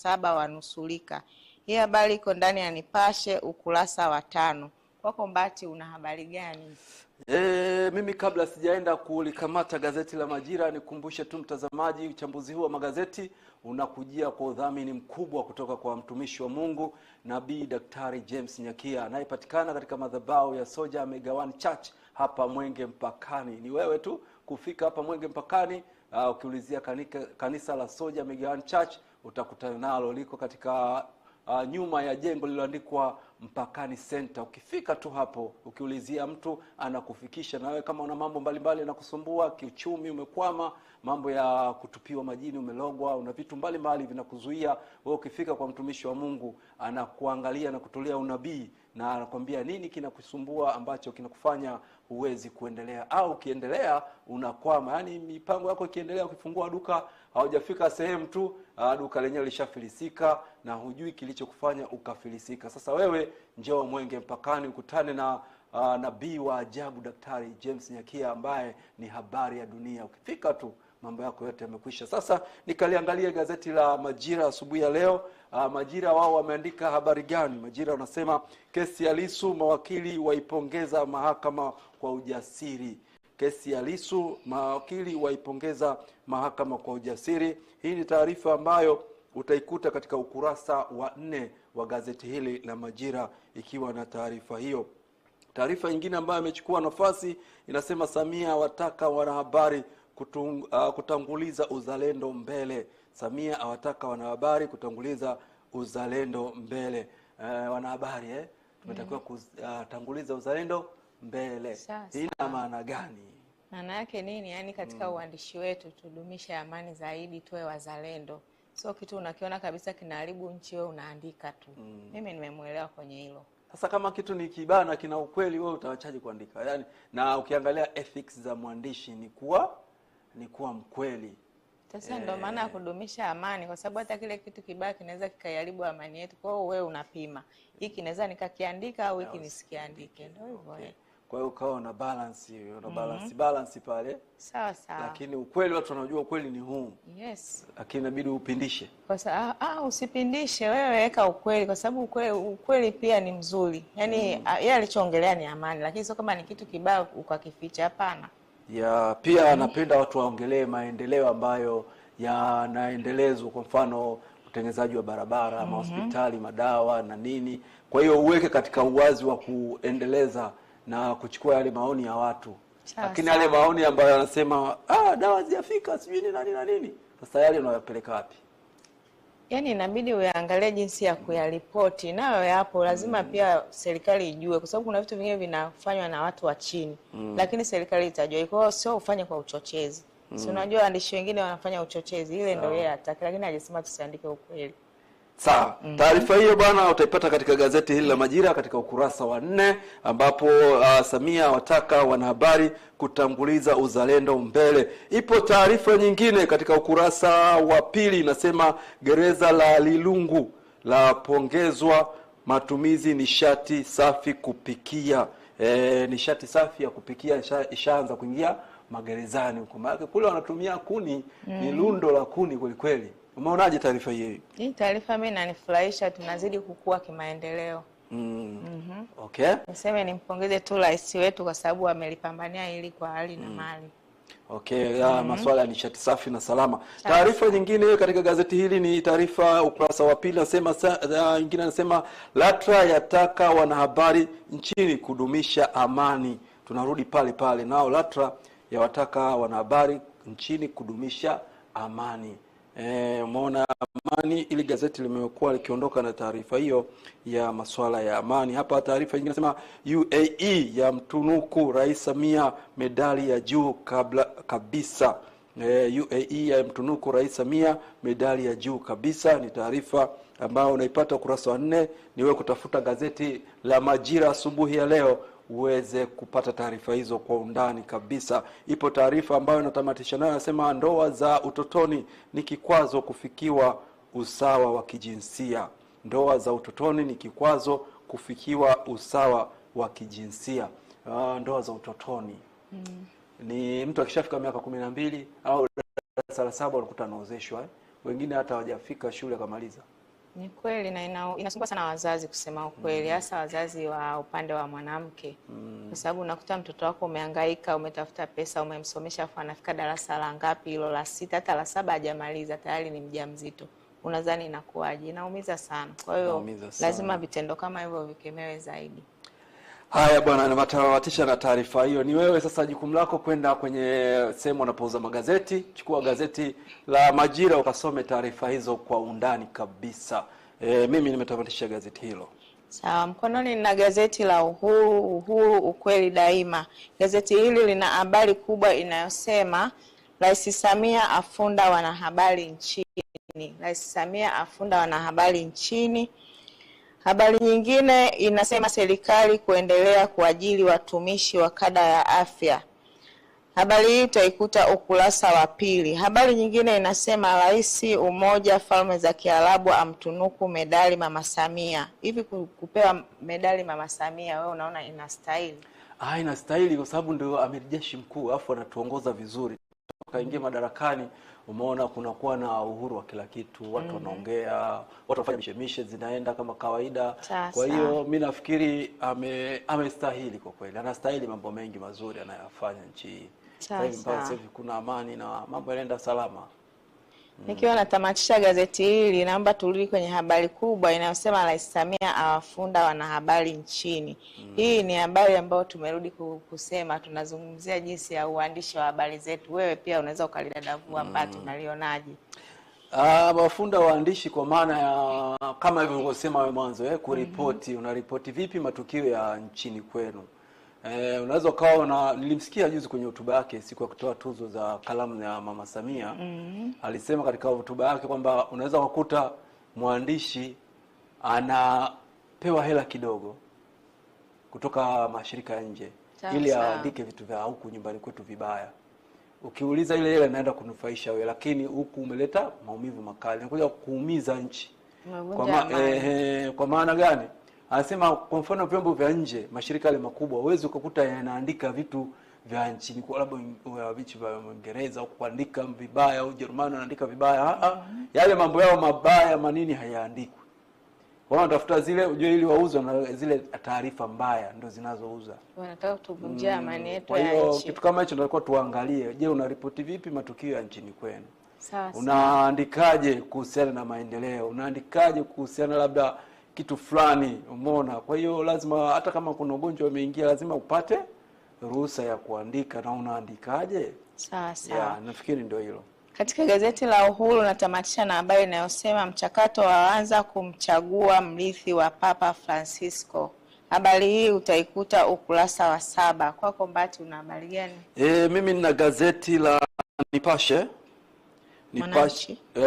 saba wanusulika. Hii habari iko ndani ya Nipashe ukurasa wa tano. Kwako Mbati, una habari gani? E, mimi kabla sijaenda kulikamata gazeti la Majira nikumbushe tu mtazamaji, uchambuzi huu wa magazeti unakujia kwa udhamini mkubwa kutoka kwa mtumishi wa Mungu Nabii Daktari James Nyakia anayepatikana katika madhabahu ya Soja Megawan Church hapa Mwenge mpakani. Ni wewe tu kufika hapa Mwenge mpakani, uh, ukiulizia kanisa la Soja Megawan Church utakutana nalo, liko katika uh, nyuma ya jengo lililoandikwa Mpakani Center. Ukifika tu hapo, ukiulizia mtu anakufikisha. Na wewe kama una mambo mbalimbali yanakusumbua kiuchumi, umekwama, mambo ya kutupiwa majini, umelogwa, una vitu mbalimbali vinakuzuia wewe, ukifika kwa mtumishi wa Mungu anakuangalia na kutolea unabii na anakwambia nini kinakusumbua ambacho kinakufanya huwezi kuendelea, au ukiendelea unakwama. Yaani mipango yako ikiendelea, ukifungua duka haujafika sehemu tu ah, duka lenyewe lishafilisika na hujui kilichokufanya ukafilisika. Sasa wewe njoo Mwenge mpakani ukutane na uh, nabii wa ajabu Daktari James Nyakia ambaye ni habari ya dunia. Ukifika tu mambo yako yote yamekwisha. Sasa nikaliangalia gazeti la Majira asubuhi ya leo. Uh, Majira wao wameandika habari gani? Majira wanasema kesi ya Lisu, mawakili waipongeza mahakama kwa ujasiri. Kesi ya Lisu, mawakili waipongeza mahakama kwa ujasiri. Hii ni taarifa ambayo utaikuta katika ukurasa wa nne wa gazeti hili la Majira ikiwa na taarifa hiyo. Taarifa nyingine ambayo imechukua nafasi inasema, Samia wataka wanahabari kutung, uh, ah, kutanguliza uzalendo mbele. Samia awataka wanahabari kutanguliza uzalendo mbele. Uh, wanahabari eh? Tumetakiwa mm. kutanguliza ah, uzalendo mbele. Ina maana gani? Maana yake nini? Yaani katika mm. uandishi wetu tudumishe amani zaidi, tuwe wazalendo, sio kitu unakiona kabisa kinaharibu nchi, wewe unaandika tu mm. nimemwelewa kwenye hilo. Sasa kama kitu ni kibana, kina ukweli, wewe utawachaje kuandika? Yaani, na ukiangalia ethics za mwandishi ni kuwa ni kuwa mkweli. Sasa ndio eh. maana ya kudumisha amani, kwa sababu hata kile kitu kibaya kinaweza kikaharibu amani yetu. Kwa hiyo wewe unapima hiki naweza nikakiandika au hiki nisikiandike, ndio hivyo. Okay. Eh. Kwa hiyo ukawa na balance hiyo, una mhm. balance mm -hmm. balance pale. Sawa sawa. Lakini ukweli watu wanajua ukweli ni huu. Yes. Lakini inabidi upindishe. Kwa sababu ah, ah, usipindishe wewe, weka ukweli kwa sababu ukweli, ukweli pia ni mzuri. Yaani mm. Ah, yeye alichoongelea ni amani, lakini sio kama ni kitu kibaya ukakificha, hapana ya pia anapenda watu waongelee maendeleo ambayo yanaendelezwa, kwa mfano utengenezaji wa barabara, mm -hmm. mahospitali, madawa na nini. Kwa hiyo uweke katika uwazi wa kuendeleza na kuchukua yale maoni ya watu, lakini yale maoni ambayo yanasema ah, dawa zijafika sijui ni nani na nini, sasa yale unayapeleka wapi? yani inabidi uyaangalie jinsi ya kuyaripoti, nayo yapo lazima mm. pia serikali ijue, kwa sababu kuna vitu vingine vinafanywa na watu wa chini mm. lakini serikali itajua. Kwa hiyo sio ufanye kwa uchochezi mm. si unajua waandishi wengine wanafanya uchochezi, ile ndio yeye hataki, lakini hajasema tusiandike ukweli. Sawa. mm -hmm. Taarifa hiyo bwana utaipata katika gazeti hili la Majira katika ukurasa wa nne ambapo uh, Samia wataka wanahabari kutanguliza uzalendo mbele. Ipo taarifa nyingine katika ukurasa wa pili inasema gereza la Lilungu lapongezwa matumizi nishati safi kupikia. E, nishati safi ya kupikia ishaanza kuingia magerezani huko. Maana kule wanatumia kuni, mm -hmm. ni mm-hmm. lundo la kuni kweli kweli. Umeonaje taarifa hii? Hii taarifa mimi inanifurahisha, tunazidi kukua kimaendeleo. Mm. Mm -hmm. Okay. Niseme nimpongeze tu rais wetu kwa sababu amelipambania hili kwa hali na mm. mali. Okay, mm -hmm. Ya, mhm. masuala ya nishati safi na salama. Taarifa nyingine katika gazeti hili ni taarifa ukurasa wa pili nasema nyingine anasema LATRA yataka wanahabari nchini kudumisha amani. Tunarudi pale pale. Nao LATRA yawataka wanahabari nchini kudumisha amani. E, eh, umeona amani, ili gazeti limekuwa likiondoka na taarifa hiyo ya masuala ya amani. Hapa taarifa nyingine inasema UAE ya mtunuku Rais Samia medali ya juu kabla kabisa. Eh, e, UAE ya mtunuku Rais Samia medali ya juu kabisa ni taarifa ambayo unaipata ukurasa wa nne. wewe kutafuta gazeti la Majira asubuhi ya leo uweze kupata taarifa hizo kwa undani kabisa. Ipo taarifa ambayo inatamatisha nayo, anasema ndoa za utotoni ni kikwazo kufikiwa usawa wa kijinsia. Ndoa za utotoni ni kikwazo kufikiwa usawa wa kijinsia. Ah, ndoa za utotoni mm. ni mtu akishafika miaka kumi na mbili au darasa la saba unakuta anaozeshwa eh? Wengine hata hawajafika shule akamaliza. Ni kweli na ina, inasumbua sana wazazi kusema ukweli, mm. hasa wazazi wa upande wa mwanamke mm. kwa sababu unakuta mtoto wako umehangaika, umetafuta pesa, umemsomesha, afu anafika darasa la ngapi hilo, la sita hata la saba hajamaliza, tayari ni mjamzito. Unadhani inakuwaje? Inaumiza sana. Kwa hiyo lazima vitendo kama hivyo vikemewe zaidi. Haya bwana, natamatisha na taarifa hiyo. Ni wewe sasa, jukumu lako kwenda kwenye sehemu wanapouza magazeti, chukua gazeti la Majira ukasome taarifa hizo kwa undani kabisa. E, mimi nimetamatisha gazeti hilo. Sawa, mkononi nina gazeti la Uhuru, Uhuru ukweli daima. Gazeti hili lina habari kubwa inayosema Rais Samia afunda wanahabari nchini. Rais Samia afunda wanahabari nchini. Habari nyingine inasema serikali kuendelea kuajiri watumishi wa kada ya afya. Habari hii utaikuta ukurasa wa pili. Habari nyingine inasema Rais Umoja Falme za Kiarabu amtunuku medali Mama Samia. Hivi kupewa medali Mama Samia, wewe unaona inastahili? Ah, inastahili kwa sababu ndio amiri jeshi mkuu, afu anatuongoza vizuri, tukaingia madarakani umeona kunakuwa na uhuru wa kila kitu, watu mhm. wanaongea, mm -hmm. watu wanafanya mishemishe zinaenda kama kawaida. Chasa. Kwa hiyo mi nafikiri amestahili, ame kwa kweli anastahili mambo mengi mazuri anayofanya nchi hii sasa kuna amani na mambo yanaenda salama. Nikiwa natamatisha gazeti hili, naomba turudi kwenye habari kubwa inayosema Rais Samia awafunda wanahabari nchini. Mm. Hii ni habari ambayo tumerudi kusema, tunazungumzia jinsi ya uandishi wa habari zetu. Wewe pia unaweza ukalidadavua mpate mm. unalionaje? Uh, ah, wafunda waandishi kwa maana ya kama hivyo ulivyosema wewe mwanzo eh, kuripoti mm -hmm. Unaripoti vipi matukio ya nchini kwenu? Eh, unaweza ukawa una nilimsikia juzi kwenye hotuba yake siku ya kutoa tuzo za kalamu ya Mama Samia mm -hmm. Alisema katika hotuba yake kwamba unaweza kukuta mwandishi anapewa hela kidogo kutoka mashirika ya nje ili aandike vitu vya huku nyumbani kwetu vibaya. Ukiuliza ile hela inaenda kunufaisha wewe, lakini huku umeleta maumivu makali, nakuja kuumiza nchi kwa, ma, eh, kwa maana gani? anasema kwa mfano vyombo vya nje, mashirika yale makubwa, huwezi ukakuta yanaandika vitu vya nchini kwa labda vichi vya Uingereza kuandika vibaya au Ujerumani wanaandika vibaya ha ah, ah. -ha. Mm-hmm. Yale mambo yao mabaya manini hayaandikwi, wanatafuta zile ujue, ili wauze na zile taarifa mbaya ndo zinazouza, wanataka mm. Kwa hiyo kitu kama hicho tunatakiwa tuangalie, je, unaripoti vipi matukio ya nchini kwenu? unaandikaje kuhusiana na maendeleo? Unaandikaje kuhusiana labda kitu fulani, umeona. Kwa hiyo lazima hata kama kuna ugonjwa umeingia, lazima upate ruhusa ya kuandika. Na unaandikaje? Sawa sawa, nafikiri ndio hilo. Katika gazeti la Uhuru natamatisha na habari inayosema mchakato waanza kumchagua mrithi wa Papa Francisco. Habari hii utaikuta ukurasa wa saba. Kwako Mbati, una habari gani? E, mimi nina gazeti la Nipashe, Nipashe. Uh,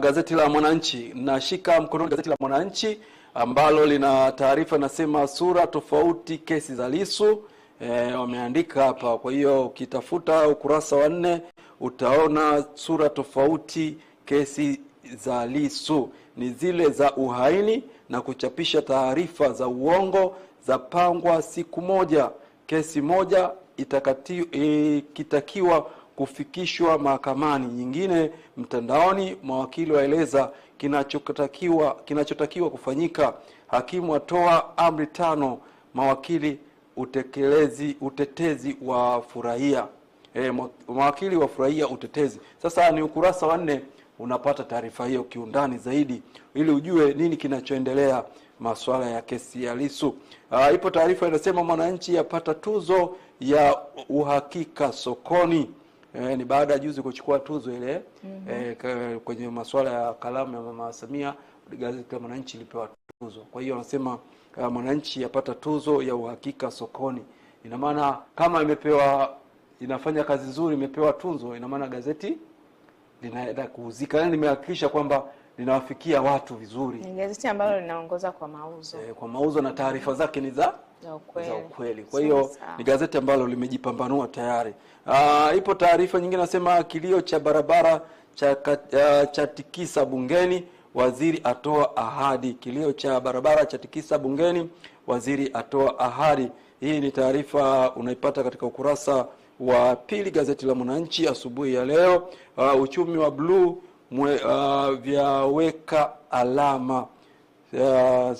gazeti la Mwananchi nashika mkononi gazeti la Mwananchi ambalo lina taarifa inasema sura tofauti kesi za Lissu. E, wameandika hapa. Kwa hiyo ukitafuta ukurasa wa nne utaona sura tofauti kesi za Lissu ni zile za uhaini na kuchapisha taarifa za uongo za pangwa siku moja, kesi moja ikitakiwa e, kufikishwa mahakamani, nyingine mtandaoni. Mawakili waeleza kinachotakiwa kinachotakiwa kufanyika. Hakimu atoa amri tano, mawakili utekelezi utetezi wa furahia e, mawakili wa furahia utetezi. Sasa ni ukurasa wa nne unapata taarifa hiyo kiundani zaidi, ili ujue nini kinachoendelea masuala ya kesi ya Lissu. Aa, ipo taarifa inasema Mwananchi yapata tuzo ya uhakika sokoni eh, ni baada ya juzi kuchukua tuzo ile mm -hmm. eh, kwenye masuala ya kalamu ya Mama Samia, gazeti la Mwananchi ilipewa tuzo. Kwa hiyo wanasema uh, Mwananchi yapata tuzo ya uhakika sokoni. Ina maana kama imepewa inafanya kazi nzuri, imepewa tuzo, ina maana gazeti linaenda kuuzika, yaani limehakikisha kwamba linawafikia watu vizuri. Ni gazeti ambalo linaongoza kwa mauzo eh, kwa mauzo na taarifa zake ni za za ukweli. Kwa hiyo ni gazeti ambalo limejipambanua tayari. Uh, ipo taarifa nyingine nasema kilio cha barabara cha, uh, cha tikisa bungeni, waziri atoa ahadi. Kilio cha barabara cha tikisa bungeni, waziri atoa ahadi. Hii ni taarifa unaipata katika ukurasa wa pili gazeti la Mwananchi asubuhi ya leo. Uh, uchumi wa bluu uh, vyaweka alama uh,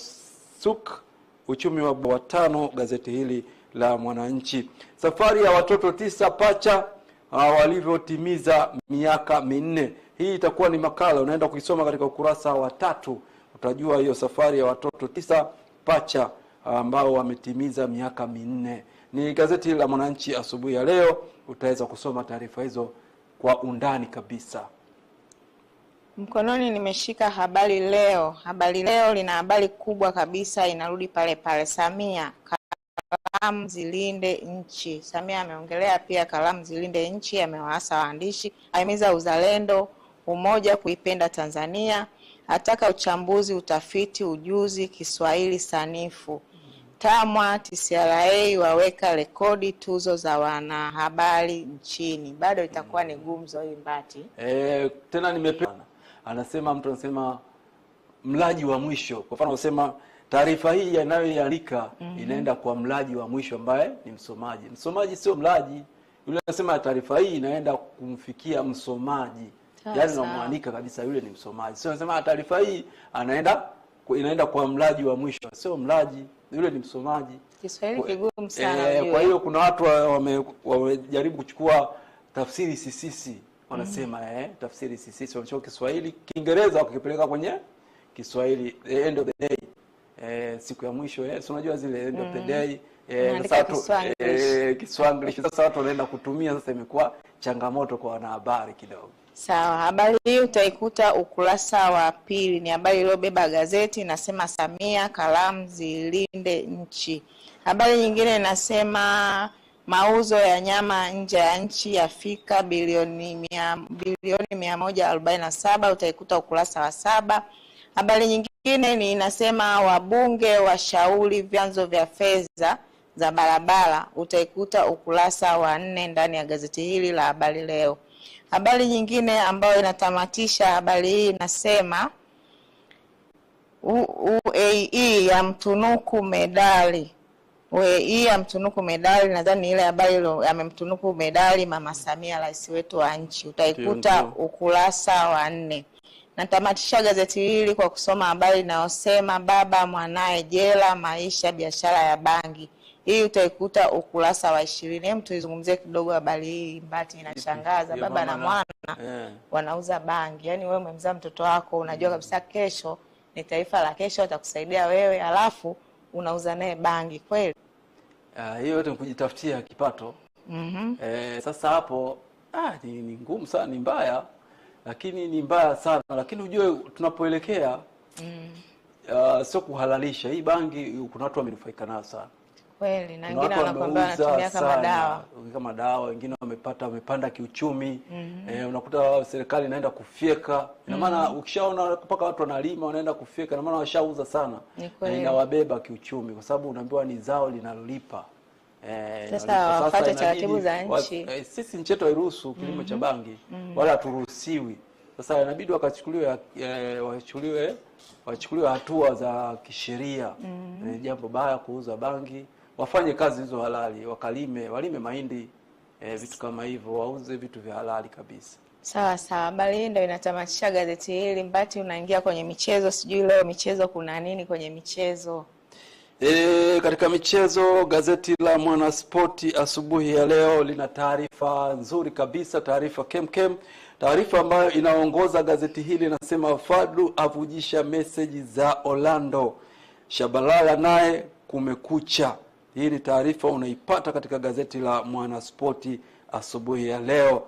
suk uchumi wa watano, gazeti hili la Mwananchi. Safari ya watoto tisa pacha ah, walivyotimiza miaka minne. Hii itakuwa ni makala unaenda kuisoma katika ukurasa wa tatu, utajua hiyo safari ya watoto tisa pacha ah, ambao wametimiza miaka minne. Ni gazeti la Mwananchi asubuhi ya leo, utaweza kusoma taarifa hizo kwa undani kabisa. Mkononi nimeshika Habari Leo. Habari Leo lina habari kubwa kabisa, inarudi pale pale. Samia, kalamu zilinde nchi. Samia ameongelea pia kalamu zilinde nchi, amewaasa waandishi, ahimiza uzalendo, umoja, kuipenda Tanzania, ataka uchambuzi, utafiti, ujuzi, Kiswahili sanifu. TAMWA, TCRA waweka rekodi tuzo za wanahabari nchini. Bado itakuwa ni gumzo hii Mbati. E, tena nimepewa anasema mtu anasema mlaji wa mwisho. Kwa mfano anasema taarifa hii inayoialika mm -hmm. inaenda kwa mlaji wa mwisho ambaye ni msomaji. Msomaji sio mlaji yule, anasema taarifa hii inaenda kumfikia msomaji, yaani namwandika kabisa, yule ni msomaji. Sio anasema taarifa hii anaenda inaenda kwa mlaji wa mwisho, sio mlaji yule ni msomaji. Kiswahili kigumu sana. E, kwa hiyo kuna watu wamejaribu wame kuchukua tafsiri sisisi wanasema mm. eh, tafsiri sisi sio Kiswahili, Kiingereza wakipeleka kwenye Kiswahili eh, end of the day eh, siku ya mwisho eh, si unajua zile end of the mm. day eh, sasa eh, sasa watu wanaenda kutumia, sasa imekuwa changamoto kwa wanahabari kidogo. Sawa, habari hii utaikuta ukurasa wa pili, ni habari iliyobeba gazeti inasema, Samia kalamu zilinde nchi. Habari nyingine inasema mauzo ya nyama nje ya nchi yafika bilioni mia moja arobaini na saba utaikuta ukurasa wa saba. Habari nyingine ni inasema wabunge washauri vyanzo vya fedha za barabara, utaikuta ukurasa wa nne ndani ya gazeti hili la Habari Leo. Habari nyingine ambayo inatamatisha habari hii inasema UAE ya mtunuku medali we hii amtunuku medali nadhani ile ambayo amemtunuku medali Mama Samia, rais wetu wa nchi, utaikuta ukurasa wa nne. Natamatisha gazeti hili kwa kusoma habari inayosema baba mwanaye jela, maisha biashara ya bangi. Hii utaikuta ukurasa wa ishirini. Hem, tuizungumzie kidogo habari hii Mbati, inashangaza baba na mwana yeah, wanauza bangi. Yaani wewe umemzaa mtoto wako unajua mm. kabisa kesho ni taifa la kesho, atakusaidia wewe halafu unauza naye bangi kweli? Ah, hiyo yote ni kujitafutia kipato. mm -hmm. Eh, sasa hapo ah, ni, ni ngumu sana, ni mbaya lakini ni mbaya sana, lakini ujue tunapoelekea mm. Uh, sio kuhalalisha hii bangi. Kuna watu wamenufaika nayo sana Kweli, na wengine wanakwambia wanatumia kama dawa, kama dawa. Wengine wamepata wamepanda kiuchumi mm -hmm. Eh, unakuta serikali inaenda kufyeka, ina mhm. maana mm -hmm. ukishaona mpaka watu wanalima wanaenda kufyeka, ina maana washauza sana eh, inawabeba kiuchumi kwa sababu unaambiwa ni zao linalolipa. Eh, sasa wafuate taratibu za nchi. Wa, eh, sisi nchi yetu hairuhusu kilimo mm -hmm. cha mhm. bangi mm -hmm. wala haturuhusiwi. Sasa inabidi wakachukuliwe eh, wachukuliwe wachukuliwe hatua za kisheria mm -hmm. eh, jambo baya kuuza bangi wafanye kazi hizo halali, wakalime, walime mahindi e, vitu kama hivyo, wauze vitu vya halali kabisa. Sawa sawa, habari hii inatamatisha gazeti hili. Mbati, unaingia kwenye michezo, sijui leo michezo kuna nini kwenye michezo? E, katika michezo gazeti la Mwanaspoti asubuhi ya leo lina taarifa nzuri kabisa, taarifa kemkem. Taarifa ambayo inaongoza gazeti hili inasema Fadlu avujisha meseji za Orlando, Shabalala naye kumekucha. Hii ni taarifa unaipata katika gazeti la Mwanaspoti asubuhi ya leo.